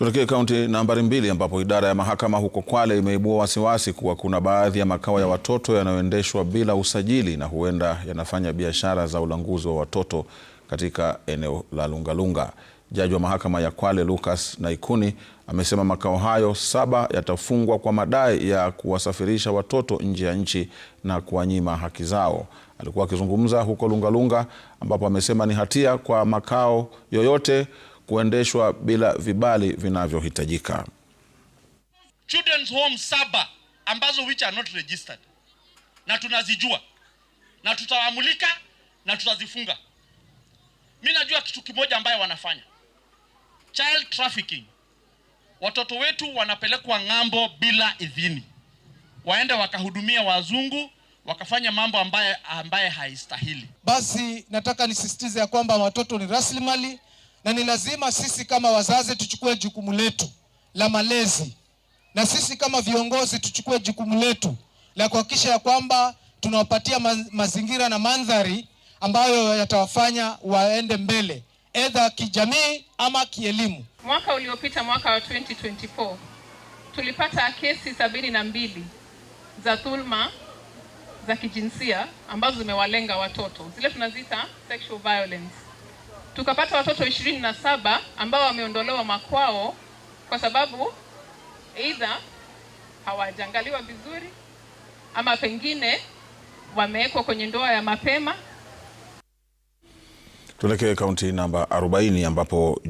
Tuelekee kaunti nambari mbili ambapo idara ya mahakama huko Kwale imeibua wasiwasi kuwa kuna baadhi ya makao ya watoto yanayoendeshwa bila usajili na huenda yanafanya biashara za ulanguzi wa watoto katika eneo la Lungalunga. Jaji wa mahakama ya Kwale Lucas Naikuni amesema makao hayo saba yatafungwa kwa madai ya kuwasafirisha watoto nje ya nchi na kuwanyima haki zao. Alikuwa akizungumza huko Lungalunga ambapo amesema ni hatia kwa makao yoyote kuendeshwa bila vibali vinavyohitajika. Children's home saba ambazo which are not registered na tunazijua na tutawamulika na tutazifunga. Mi najua kitu kimoja ambayo wanafanya child trafficking. Watoto wetu wanapelekwa ng'ambo bila idhini, waende wakahudumia wazungu, wakafanya mambo ambaye, ambaye haistahili. Basi nataka nisisitize ya kwamba watoto ni rasilimali na ni lazima sisi kama wazazi tuchukue jukumu letu la malezi, na sisi kama viongozi tuchukue jukumu letu la kuhakikisha ya kwamba tunawapatia mazingira na mandhari ambayo yatawafanya waende mbele edha kijamii ama kielimu. Mwaka uliopita mwaka wa 2024 tulipata kesi sabini na mbili za dhulma za kijinsia ambazo zimewalenga watoto, zile tunaziita sexual violence tukapata watoto ishirini na saba ambao wameondolewa makwao kwa sababu aidha hawajangaliwa vizuri ama pengine wamewekwa kwenye ndoa ya mapema. Tuelekee kaunti namba 40 ambapo